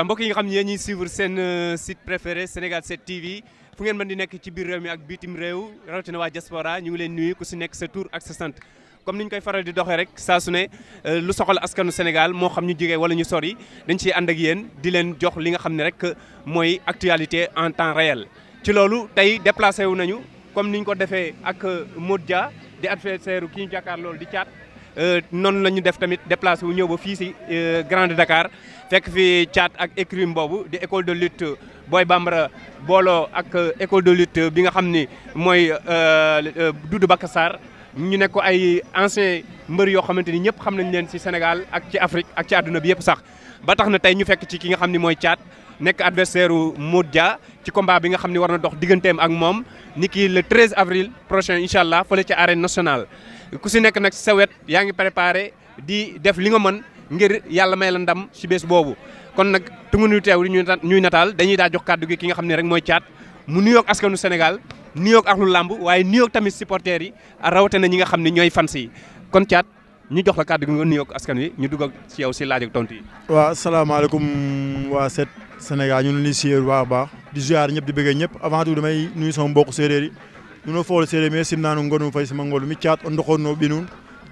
voilà yi nga xam ne yéen ñuy suivre seen euh, site préféré Sénégal 7 TV fu ngeen mën di nekk ci biir réew mi ak bitim réew rawatina waa diaspora ñu ngi leen nuyu ku si nekk sa tur ak sa sant comme ni ñu koy faral di doxee rek saa su ne euh, lu soxal askanu Sénégal moo xam ñu jege wala ñu sori dañ ciy ànd ak yéen di leen jox li nga xam ne rek mooy actualité en temps réel. ci loolu tey déplacé wu nañu comme ni ñu ko defee ak euh, Modou Dia di adversaire ki ñu jàkkaar di caat. Euh, noonu la ñu def tamit déplacé wu ñëw ba fii si euh, grande Dakar fekk fi caat ak écurie boobu di école de lutte booy Bambara booloo ak euh, école de lutte bi nga xam ni mooy Doudou Bakassar ñu nekk ay ancien mbër yoo xamante ni ñëpp xam nañ leen si Sénégal ak ci Afrique ak ci àdduna bi yëpp sax ba tax na tey ñu fekk ci ki nga xam ni mooy caat nekk adversaire u Modou Dia ci combat bi nga xam ni war na dox digganteem ak moom ni ki le 13 avril prochain incha allah fële ci arène nationale ku si nekk nag sawet yaa ngi préparé di def li nga mën ngir yàlla may la ndam si bés boobu kon nag tungu ñu teew li ñuy nataal dañuy daa jox kàddu gi ki nga xam ne rek mooy caat mu nuyoog askanu Sénégal nuyoog ak làmb waaye nuyoog tamit supporters yi rawatina ñi nga xam ne ñooy fans yi kon caat ñu jox la kàddu gi nga nuyoog askan wi ñu dugg si yow si laaj ak yi. waaw asalaamaaleykum waa set Sénégal ñu ngi nuyu si yéen bu baax baax di ziar ñëpp di bëggee ñëpp avant tout damay nuyu sama mbokk séeréer yi nuno fole seeɗe me simna nun gonum fayi sima ngol mi cat on dokonnoɓe nun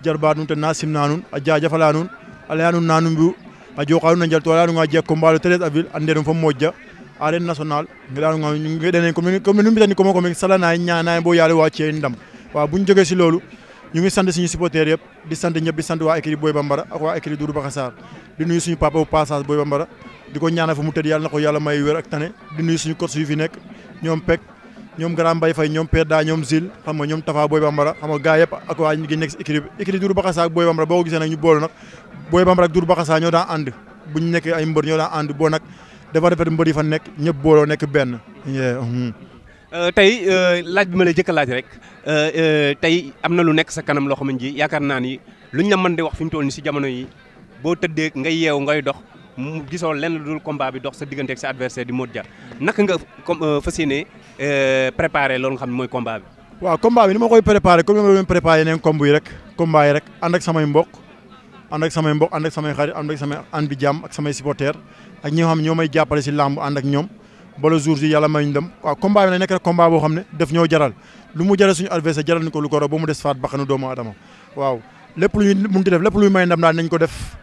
jarba num tan na simna nun a jajafala nun alaya nun nanum mbiu a joka nun a jal toala ko mbalo 13 avril ande ɗum fof mojja national geɗanuga geɗenen comme nu mbitani comme comme salana ñana bo yaale wa ceeni ndam wa buñ joge si loolu ñu ngi sant suñu supporter yëpp di sant ñëpp di sant waa écurie Boy Bambara ak waa écurie Doudou Baka Sarr di nuyu papa ko ñaanal fu mu tëdd yàlla na ko yàlla may wér ak tane di nuyu suñu yu ñoom Grand Mbaye Faye ñoom Pedda ñoom Zil xam ñoom Tafa Boy Bambara xam nga gaa a ak waa ñu nekk si équipe bi équipe Doudou Bakassar ak Boy boo ko gisee nag ñu boolu nag Boy Bambara ak Doudou Bakassar ñu nekkee ay mbër ñoo daan ànd boo nag dafa rafet mbër yi fa nekk ñëpp booloo nekk benn. Mhm. Euh, tey euh, laaj bi ma lay jëkk laaj rek euh, tey am na lu nekk sa kanam loxo xam ne ji yaakaar naa ni luñ la mën di wax fi mu toll nii si jamono yi boo tëddee ngay yeew ngay dox mu gisoo lenn lu dul combat bi dox sa diggante ak sa adversaire di Modou Dia naka nga comme euh, fas yéene euh, préparé loolu nga xam ne mooy combat bi. waaw combat bi ni ma koy préparé comme ni ma leen préparé rek combat yi rek ànd ak samay mbokk ànd ak samay mbokk ànd ak samay ak samay ànd bi jàmm ak samay supporters ak may jàppale si làmb ànd ñoom ba le jour yàlla may ñu dem waaw combat boo xam ne daf ñoo jaral lu mu jaral suñu adversaire jaral ñu ko lu ko raw ba mu des faat bakkanu doomu aadama waaw lépp lu ñuy munti def lépp luy may ndam daal nañ ko def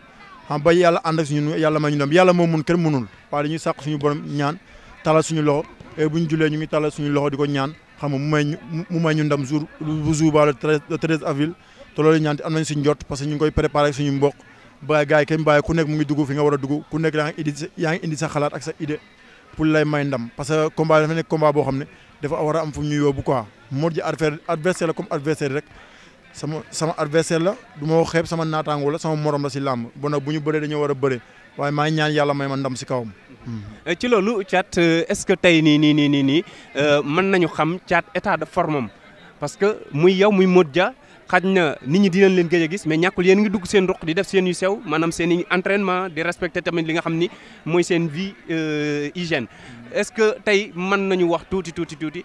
xam ba yàlla ànd ak suñu yàlla may ñu dem yàlla moo mun kenn mënul waaye dañuy sàq suñu borom ñaan talal suñu loxo et ñu jullee ñu ngi talal suñu loxo di ko ñaan xam nga mu may ñu mu may ñu ndam jour bu jour ba le treize avril te loolu ñaan am nañ suñu jot parce que ñu ngi koy préparé suñu mbokk ba gars yi kenn bàyyi ku nekk mu ngi dugg fi nga war a dugg ku nekk yaa ngi indi sa xalaat ak sa idée pour lay may ndam parce que combat dafa nekk combat boo xam ne dafa war am fu mu ñu yóbbu quoi Modou Dia adversaire la rek sama sama adversaire la du ma wax xeeb sama naataangoo la sama morom la si làmb bon nag bu ñu bëree dañoo war a bëre waaye maa ngi ñaan yàlla may ma ndam si kawam. Hmm. Eh, ci loolu Thiat eh, est-ce que tey nii nii nii nii nii eh, mën nañu xam Thiat état de forme am parce que muy yow muy Modou Dia xaj na nit ñi dinañ leen gëj a gis mais ñàkkul yéen ngi dugg seen ruq di def seen yu sew maanaam seen i entraînement di respecter tamit li nga xam ni mooy seen vie euh, hygiène est-ce que tey mën nañu wax tuuti tuuti tuuti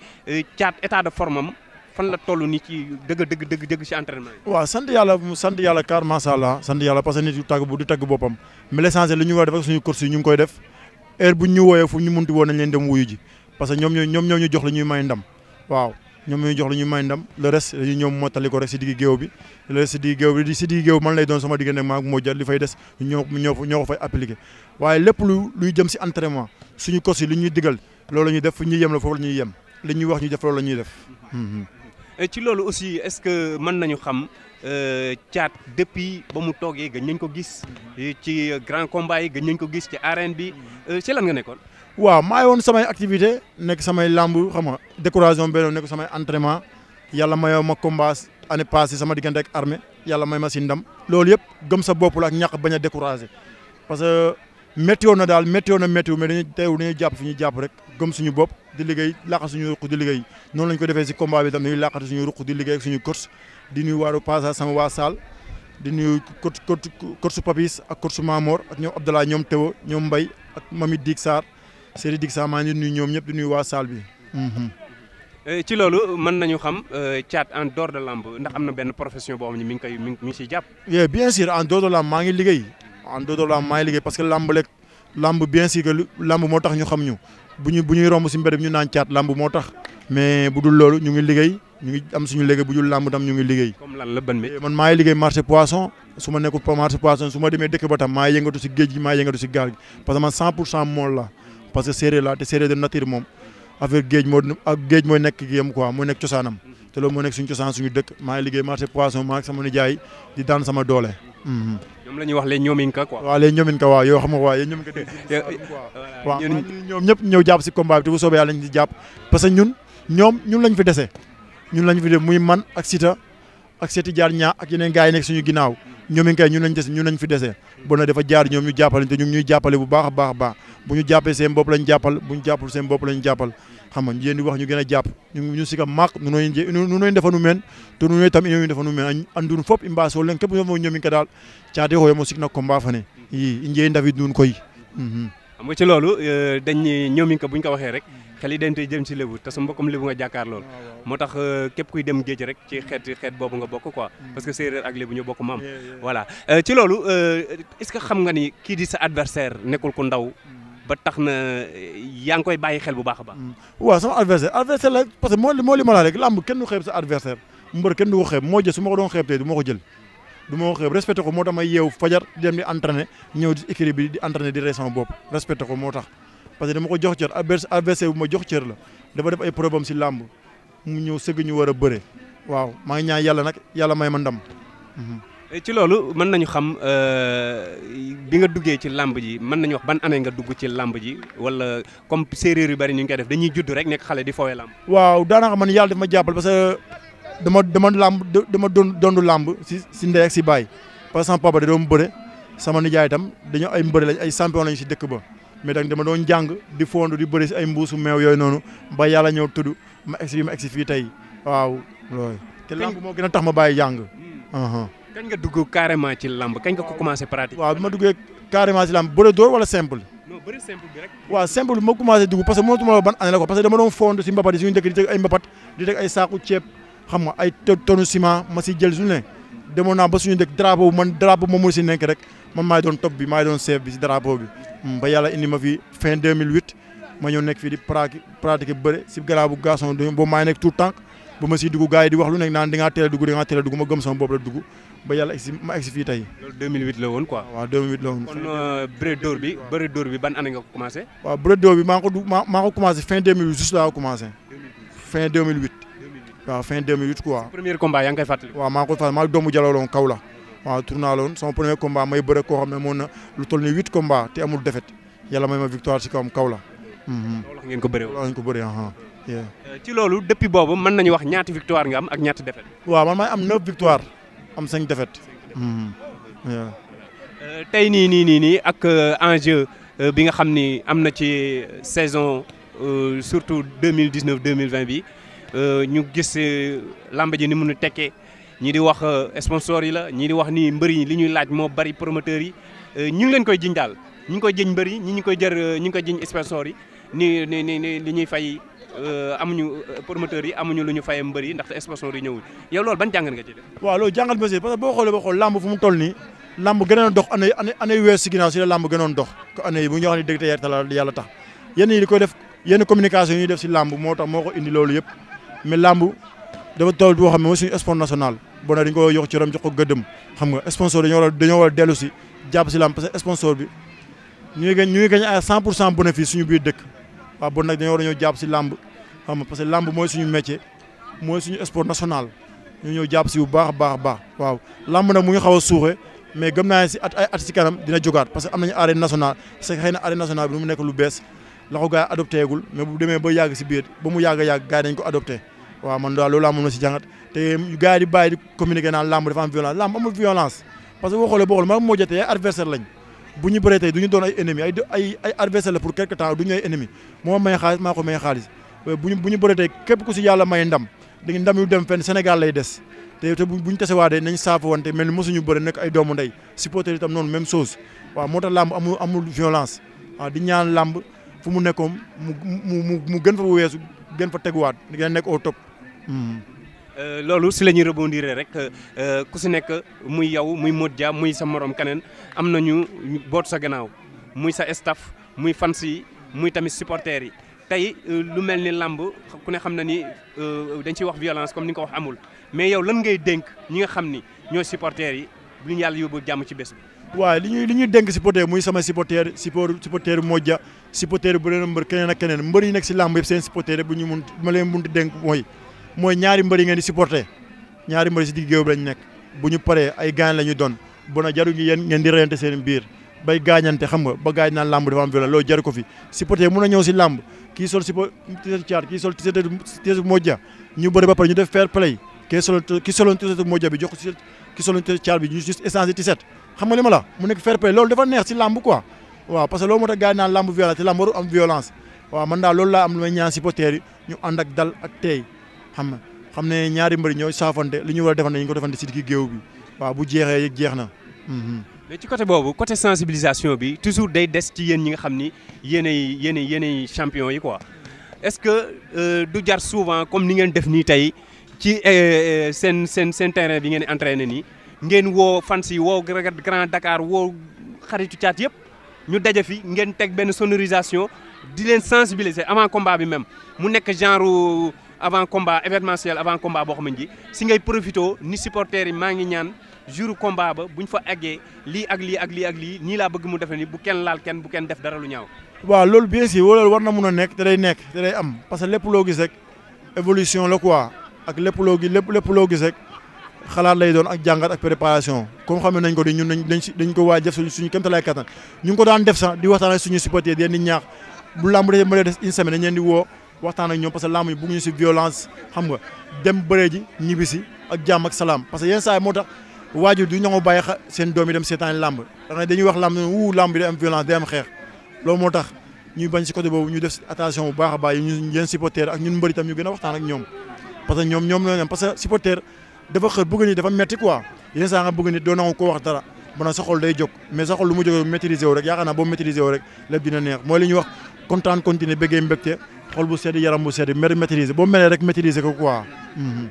Thiat état de forme am fan la toll nii ci dëgg dëgg dëgg dëgg ci entraînement yi. waaw sant yàlla sant yàlla kaar macha allah sant yàlla parce que nit yu tàgg bu di tàgg boppam mais l'essentiel li ñu war a def suñu course ñu ngi koy def heure bu que ñoom ñoo ñoo ñu jox la ñuy may ndam waaw ñoom ñoo may ndam le reste dañuy ñoom mottali ko rek si digg géew bi le reste si digg géew bi si digg géew man lay doon sama diggante maag moo jot li fay des ñoo ñoo ñoo fay appliqué waaye lépp lu luy jëm si entraînement suñu course yi li ñuy digal loolu la ñuy def fu ñuy yem la ñuy yem li ñu def loolu la ñuy Euh, ci loolu aussi est-ce que man nañu xam caat euh, depuis ba mu toogee gëj nañ ko gis euh, ci grand combat yi gëj ko gis ci arène bi ci lan nga nekkoon. waaw maa ngi woon samay activité nekk samay lamb xam nga décoration benn nekk samay entraînement yàlla mayoo ma combat année passée sama diggante ak armée yàlla may ma si loolu yëpp gëm sa bopp ak ñax bañ a découragé météo na daal météo na météo mais dañuy teew dañuy jàpp fi ñuy jàpp rek gëm suñu bopp di liggéey laaqa suñu ruq di liggéey noonu lañ ko defee si combat bi tam dañuy laqati suñu ruq di liggéey ak suñu coach di nuyu waaru passage sama waa Saal di nuyu coach coach coach Papis ak coach Mamor ak ñoom Abdallah ñoom Tewo ñoom Mbaye ak Mami Dig Sarr Seri Dig Sarr maa ngi nuyu ñoom ñëpp di nuyu waa Saal bi. Mhm. Eh, ci loolu mën nañu xam Thiat eh, en dehors de lamb ndax am na benn profession boo xam ne mi ngi koy mi ngi siy jàpp. Eh, bien sûr en dehors de lamb maa ngi liggéey. en dehors de la maa ngi liggéey parce que làmb làmb bien sûr làmb moo tax ñu xam ñu bu ñu bu ñuy romb si mbedd bi ñu naan caat làmb moo tax mais bu dul loolu ñu ngi liggéey ñu ngi am suñu liggéey ñu ngi liggéey. comme lan la ban mi man maa ngi liggéey marché poisson su ma nekkul marché poisson su ma demee dëkk ba tam maa yëngatu si géej gi maa yëngatu si gaal gi parce que man 100 pour cent mool la parce que séeréer la te séeréer de nature moom affaire géej moo nekk kii am quoi mooy nekk cosaanam te loolu moo nekk suñu cosaan doole Mm-hmm. ñoom la ñuy wax les ñoominka quoi. waaw les ñoominka waaw yow xam nga waaw yéen ñoominka. waaw ñoom ñëpp ñëw jàpp si combat bi te soobee yàlla nañ di jàpp parce que ñun ñoom ñun lañ fi dese ñun lañ fi def muy man ak Siteu ak seeti jaar ñaa ak yeneen gars yi nekk suñu ginnaaw ñoom it kay ñun lañ des ñun lañ fi dese bon nag dafa jaar ñoom ñu jàppale te ñu ngi bu baax a baax a baax bu ñu jàppee seen bopp ñu jàppul seen bopp lañ wax ñu gën a jàpp ñu ñu sika maak nu noy nu noy defanu men to nu noy tam inoy defanu fop i mbaasoo len képp ñoom ñoom ka daal caate xooyo mo sik na combat i njee ndafit nun koy mhm. xam nga loolu euh, dañ ñoom ka buñ ko waxee rek xel yi dente jëm ci lébu te su mbokkam lébu nga jàkkaar lool ah, moo tax euh, képp kuy dem géej rek ci xeet xeet boobu nga bokk quoi hmm. parce que séeréer ak lébu ñu bokk maam voilà euh, ci loolu euh, est-ce que xam nga ni kii di sa adversaire nekkul ku ndaw hmm. ba tax na yaa ngi koy bàyyi xel bu baax a baax hmm. waaw sama adversaire adversaire la parce que moo li ma la rek làmb kenn du xeeb sa adversaire mbër kenn du ko moo jël ma ko doon xeeb tey du ma ko jël du ma ko ko moo tax ma yeew fajar di dem di entraîné ñëw di bi di di rey sama bopp ko moo tax parce que dama ko jox cër adversaire bu ma jox cër la dafa def ay problème si làmb mu ñëw sëgg ñu war a bëre waaw maa ngi yàlla nag yàlla may ma ndam. Eh, ci loolu mën nañu xam euh, bi nga duggee ci làmb ji mën nañu wax ban année nga dugg ci làmb ji wala comme séeréer yu bari ñu ngi koy def dañuy judd rek nekk xale di foowe làmb. waaw daanaka man yàlla daf jàppal parce que dama dama làmb dama doon dondu làmb si si ndey ak si baay parce que sama papa da doon bëre sama nijaay itam dañoo ay mbëre lañ ay champion lañ si dëkk ba. mais dang dama doon jàng di fondu di bëri si ay mbuusu meew yooyu noonu ba yàlla ñëw tudd ma egsi ma egsi tey waaw loolu te moo gën a tax ma bàyyi jàng. Hmm. kañ nga dugg ci lamb kañ nga ko commencé pratiquer. waaw bi ma duggee carrément ci lamb bëre dóor wala simple. non bëre waaw simple ma commencé dugg parce que mënatuma la ban année la ko parce que dama doon fondu si mbapat yi suñu dëkk di teg ay mbapat di teg ay saaku ceeb xam ay tonu ciment ma si jël suñu ne. demoon naa ba suñu dëkk drapeau man drapeau moom moo si nekk rek man maay doon top bi maay doon chef bi si drapeau bi mm, ba yàlla indi ma fi fin ma ñëw nekk fii di pratiquer bëre si galaa bu boobu maay nekk tout tànk ba ma siy dugg gars di wax lu nekk naan di ngaa teel a dugg di ngaa teel a dugg ma gëm sama bopp la dugg ba yàlla egsi ma egsi fii tey. la woon quoi. waaw euh, bi bëre dóor bi nga ko commencé. waaw bëre dóor bi maa laa ko commencé. waaw fin 2008 quoi. premier combat yaa ngi koy fàttali. waaw maa ngi koy fàttali maa ngi doomu jalaloon kaw la waaw tournaa loon sama premier combat may bëre koo xam ne moon na lu toll ni huit combat te amul défaite yàlla may ma victoire si kawam kaw la. loolu ngeen ko bëree ko euh, ci loolu depuis boobu mën nañu wax ñaati victoire nga am ak ñaati défaite. waaw man maay am neuf victoire am cinq defet mhm, euh, tey nii nii nii nii ak euh, enjeu bi nga xam ni am na ci saison surtout deux mille dix neuf deux mille bi. Euh, ñu gis euh, làmb ji ni mu nu tekkee ñii di wax euh, sponsor yi la ñii di wax nii mbër yi li ñuy laaj moo bari promoteurs yi ñu ngi leen koy jiñ daal ñu ngi koy jëñ mbër ñu ñi koy jër ñi ngi koy jëñ sponsor yi ni ni ni li ñuy fay amuñu promoteurs yi amuñu lu ñu fayee mbër yi ndaxte sponsor yi ñëwul yow loolu ban jàngat nga ci def. waaw loolu jàngat nga parce que boo xoolee boo xool làmb fu mu toll nii làmb gënoon dox année année année weesu si la làmb gënoon dox ko année yi bu ñu ni dëgg te tax yenn yi koy def yenn communication si làmb moo tax moo ko indi loolu yëpp mais làmb dafa toll boo xam ne mooy suñu sport national bon nag dañu ko yokk ci ram jox ko xam nga sponsor dañoo war a dañoo dellu si jàpp si làmb parce que sponsor bi ñu ngi gañ ñu ngi gañ à 100 pour cent bénéfice suñu biir dëkk waaw bon nag dañoo war a ñëw jàpp si làmb xam ma parce que làmb mooy suñu métier mooy suñu sport national ñu ñëw jàpp si bu baax a baax a baax waaw làmb nag mu ngi xaw a suuxee mais gëm naa si at ay at si kanam dina jogaat parce que am nañu arène nationale parce que xëy na arène bi mu nekk lu bees la bu demee ba yàgg si biir ba mu yàgg yàgg gars yi ko adopté waaw man daal loolu laa mën na si jàngat te gars yi di bàyyi di communiquer naan làmb dafa am violence làmb amul violence parce que boo xoolee boo xoolee ma moo jotee ay adversaire lañ bu ñu bëree tey du ñu doon ay ennemi ay adversaire la pour quelque temps du ñu ay ennemi moo may xaalis maa ko may xaalis euh, bu ñu bu ñu si yàlla may ndam da ndam yu dem fenn Sénégal lay des te te tese waa tasewaatee nañ saafu wante mel ni mosuñu bëri nekk ay doomu ndey supporter itam noonu même chose waaw moo tax làmb amul amul ñaan làmb fu mu nekkoon mu mu mu gën fa weesu gën fa teguwaat di gën a nekk au top Euh, loolu si la ñuy rebondir rek euh, ku si nekk muy yow muy Modou Dia muy sa morom keneen am nañu boot sa gannaaw muy sa staff muy fans yi muy tamit supporters yi tey euh, lu mel ni làmb ku ne xam na ni dañ ciy wax violence comme ni nga ko wax amul mais yow lan ngay dénk ñi nga xam ni ñoo supporters yi bu ñu yàlla yóbbu jàmm ci bés waa waaw li ñuy li ñuy dénk supporter muy sama supporter support supporter Modou Dia supporter bu leen mbër keneen ak keneen mbër yi nekk si làmb yëpp s supporter bu ñu mun ma leen mun di dénk mooy ñaari mbër yi ngeen di supporter ñaari mbër si digg géew bi lañ nekk bu ñu paree ay gaañ la ñu doon bu na jaru yéen ngeen di reyante seen biir bay gaañante xam nga ba gaañ naan làmb dafa am violence loolu jaru ko fi supporter a ñëw si làmb kii kii sol tiset tiset mojja ñu bëri ba pare ñu def fair play kii sol kii soloon tiset mojja bi jox ko tiset kii soloon tiset caar neex si làmb quoi waaw parce que loolu moo tax gaañ naan làmb man daal loolu laa am lu may ñaan supporter yi ñu ànd ak dal ak teey xam na xam ne ñaari mbëri ñooy saafante li ñu war a defante ñu ko defante si digg géew bi waaw bu jeexee yëg jeex na. Mhm. mais ci côté boobu côté sensibilisation bi toujours day des ci yéen ñi nga xam ni yéenay yéenay yéenay champion yi quoi est-ce que euh, du jar souvent comme ni ngeen def nii tey ci euh, euh, seen seen seen terrain bi ngeen entraîné nii ngeen woo fans yi woo Grand Dakar woo xaritu caat yëpp ñu daje fi ngeen teg benn sonorisation di leen sensibiliser avant combat bi même mu nekk genre. avant combat événementiel avant combat boo xam ne ji si ngay profité ni supporters yi maa ngi ñaan jour combat ba bu ñu fa eggee lii ak lii ak lii ak lii nii laa bëgg mu defee nii bu kenn laal kenn bu kenn def dara lu ñaaw. waaw loolu bien sûr loolu war na mun a nekk te day nekk te day am parce que lépp loo gis rek évolution la quoi ak lépp loo gis lépp lépp loo gis rek xalaat lay doon ak jàngat ak préparation comme xam nañ ko di ñun dañ si dañ ko waaj def suñu kéemtalaay kattan ñu ngi ko daan def sax di waxtaan ak suñu supporters di leen di ñaax waxtaan ak ñoom parce que làmb yi bëgg ñu si violence xam nga dem bëree ji si ak jàmm ak salaam parce que yenn moo tax waajur du ñoo bàyyi seen doom yi dem seetaan làmb da dañuy wax làmb wu làmb bi day moo tax ñuy bañ si côté ñu def attention bu a baax ñu yeen supporter ak ñun gën a waxtaan ak ñoom parce que ñoom ñoom la parce que supporter dafa xër bëgg ni dafa metti quoi yenn saa nga bëgg wax dara ba na sa wu rek yaakaar naa boo maîtriser wu rek lépp dina neex mooy li ñuy wax kontaan xol bu sedd yaram bu sedd mer maîtriser boo melee rek maîtriser ko quoi. Mhm.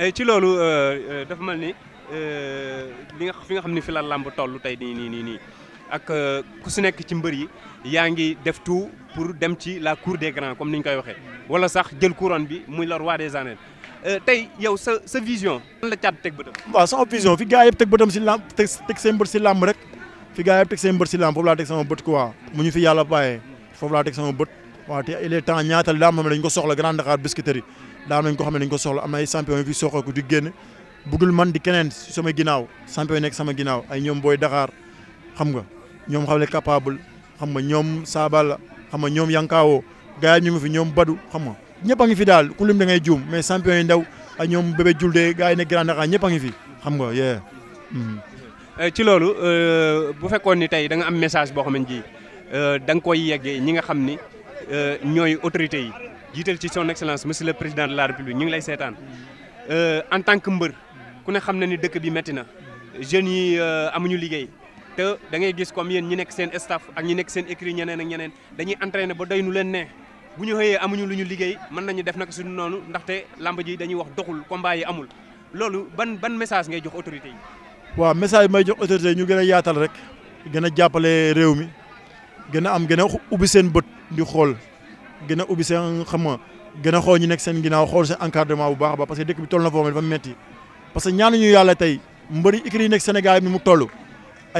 Eh, ci loolu euh, euh, dafa mel ni euh, li nga fi nga xam ni fi la làmb toll tey nii nii nii nii ak ku si nekk ci mbër yi yaa ngi def tout pour dem ci la cour des grands comme ni ñu koy waxee wala sax jël couronne bi muy le roi des arènes tey yow sa sa vision. lan la caat teg bëtam. waaw sama vision fi gars yëpp teg bëtam si làmb teg teg seen bët si làmb rek fi gars yëpp teg seen si làmb foofu la teg sama bët quoi ñu fi yàlla bàyyee foofu laa teg sama bët. waaw te il est temps ñaata la moom dañ ko soxla Grand Dakar Biscuiterie daa nañ ko xam ne dañ ko soxla am ay champion yu fi soxaku di génn bugul man di keneen sama ginnaaw champion yi nekk sama ginnaaw ay ñoom booy Dakar xam nga ñoom xam ne capable xam nga ñoom Saabala xam nga ñoom Yankaawo gars yi ñu ngi fi ñoom Badu xam nga ñëpp ngi fi daal ku lim da ngay juum mais champion yi ndaw ay ñoom bébé Julde gars yi nekk Grand Dakar ñëpp a ngi fi xam yee. Mhm. Eh, ci loolu euh, bu fekkoon ni tey da nga am message boo xam ne ji euh, da nga koy yeggee ñi nga xam ni. Euh, ñooy autorité yi jiital ci son excellence monsieur le président de la république ñu ngi lay seetaan euh, en tant que mbër ku ne xam na ni dëkk bi métti na jeunes yi euh, amuñu liggéey te da ngay gis comme yéen ñi nekk seen staff ak ñi nekk seen écrit ñeneen ak ñeneen dañu entraîné ba doy nu leen ne bu ñu xëyee amuñu lu ñu liggéey mën nañu def nag suñu noonu ndaxte làmb ji dañuy wax doxul combat yi amul loolu ban ban message ngay jox autorité yi. waaw message bi may jox autorité ñu gën a yaatal rek gën a jàppale réew mi. gën a am gën a ubbi seen bët di xool gën a ubbi seen xam nga a xool nekk seen ginnaaw xool seen encadrement bu baax baax parce que dëkk bi toll na foo xam dafa metti parce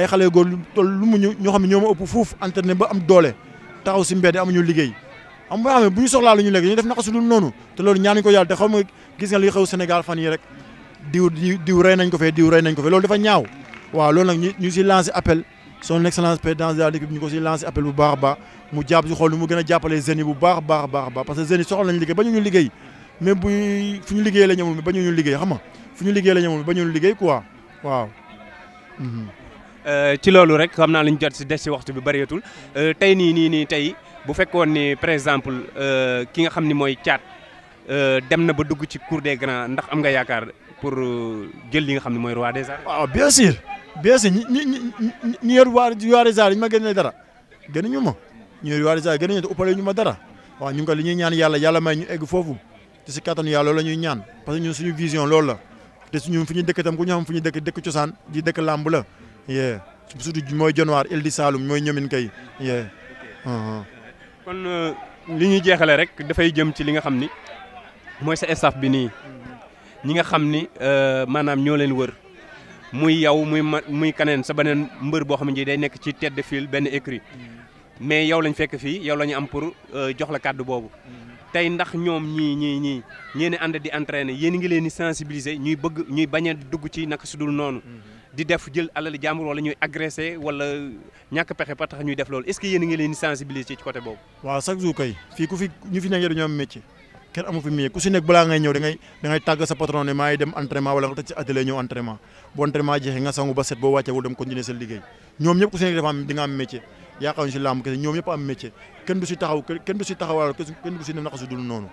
que lu mu noonu te loolu ñaanuñu ko yàlla te xaw gis nga li xew Sénégal fan yi rek diw diw rey nañ ko fee loolu dafa ñaaw waaw loolu nag ñu ñu si appel son excellence président de la République ñu appel bu baax a baax mu jàpp si xool nu mu gën a jàppalee jeunes yi bu baax a baax a baax parce que soxla nañ liggéey ba liggéey même bu fu ñu liggéey la ñamul mi ba ñu ñu liggéey xam nga fu ñu liggéey la ñamul mi ba ñu ñu liggéey quoi waaw. Euh, ci loolu rek xam naa lu ñu jot si des si waxtu bi bëreetul euh, tey nii nii nii tey bu fekkoon ni par exemple euh, ki nga xam ni mooy caat dem na ba dugg ci cour des grands ndax am nga yaakaar pour euh, jël li nga xam ne mooy roi des arènes. waaw bien sûr bien sûr ñi ñi ñi ñi yor roi roi des arènes ñu ma gënee dara gënuñu ma ñu yor roi ñu ma dara waaw ñu li ñuy ñaan yàlla yàlla may ñu egg foofu si kattanu yàlla la ñuy ñaan parce que ñun suñu vision loolu la te suñu fi ñu dëkk itam ku ñu xam fi ñu dëkk dëkk cosaan di dëkk làmb la yee surtout mooy Dionewar Île du Saloum mooy ñomin kay yee uh-huh. kon euh, li ñuy jeexale rek dafay jëm ci li nga xam ni mooy sa staff bi nii ñi nga xam ni euh, maanaam ñoo leen wër muy yow muy ma muy kaneen sa beneen mbër boo xam ne day nekk ci tête de file benn écrit mais yow lañ fekk fii yow la ñu am pour euh, jox la kàddu boobu. tey ndax ñoom ñii ñii ñii ñeen and di entraîner yéen ngi leen di sensibiliser ñuy bëgg ñuy bañ dugg ci naka su dul noonu. di def jël alal jàmbur wala ñuy agressé wala ñàkk pexe ba ñuy def loolu est-ce ngi leen di sensibiliser ci côté boobu. waaw chaque jour kay fii ku fi kenn amu fi mieux ku si nekk balaa kenn du si taxaw si taxawal noonu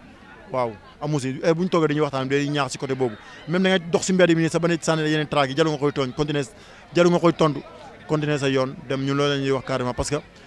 waaw amu si eh, bu ñu toogee dañuy waxtaan day ñaax boobu même da ngay dox si mbedd mi nii sa bane nga koy tooñ continuer nga koy tontu dem ñun loolu la ñuy wax carrément parce que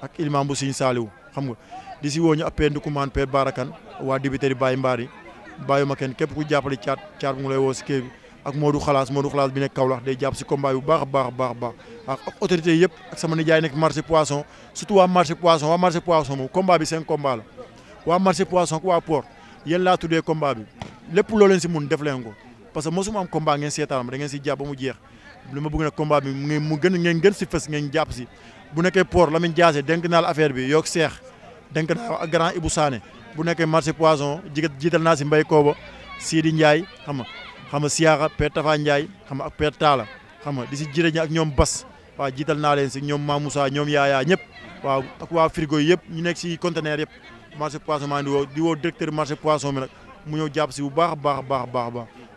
ak ilmaam bu Sëñ Saaliw xam nga di si woo ñu appee ndukumaan pee baarakan waa dibiteri Baye Mbaari bàyyi ma kenn képp ku jàppale caat caat mu ngi woo si kër ak Modou Xalaas Modou Xalaas bi nekk Kaolack day jàpp si combat bu baax a baax baax baax ak autorité yëpp ak sama nijaay nekk marché poisson surtout waa marché poisson waa marché poisson moom combat bi seen combat la waa marché poisson ak waa port yéen laa tuddee combat bi lépp loo si mun def leen parce que mosuma am combat ngeen seetaan ma si jàpp ba mu ma bëgg nag combat bi mu gën ngeen gën si fës ngeen jàpp si bu nekkee port Lamine Diasé denk naa la affaire bi yook seex denk naa grand Ibou Sané bu nekkee marché poison jigat jiital naa si mbay Kooba Sidi Ndiaye xam nga xam nga Siyaaka Père Tafa Ndiaye xam nga ak Père Talla xam nga di si jire ñi ak ñoom Bas waaw jiital naa leen si ñoom maa Mamoussa ñoom Yaaya ñëpp waaw ak waa frigo yëpp ñu nekk si conteneur yëpp marché poisson maa ngi di woo di directeur marché poisson bi nag mu ñëw jàpp si bu baax a baax a baax a baax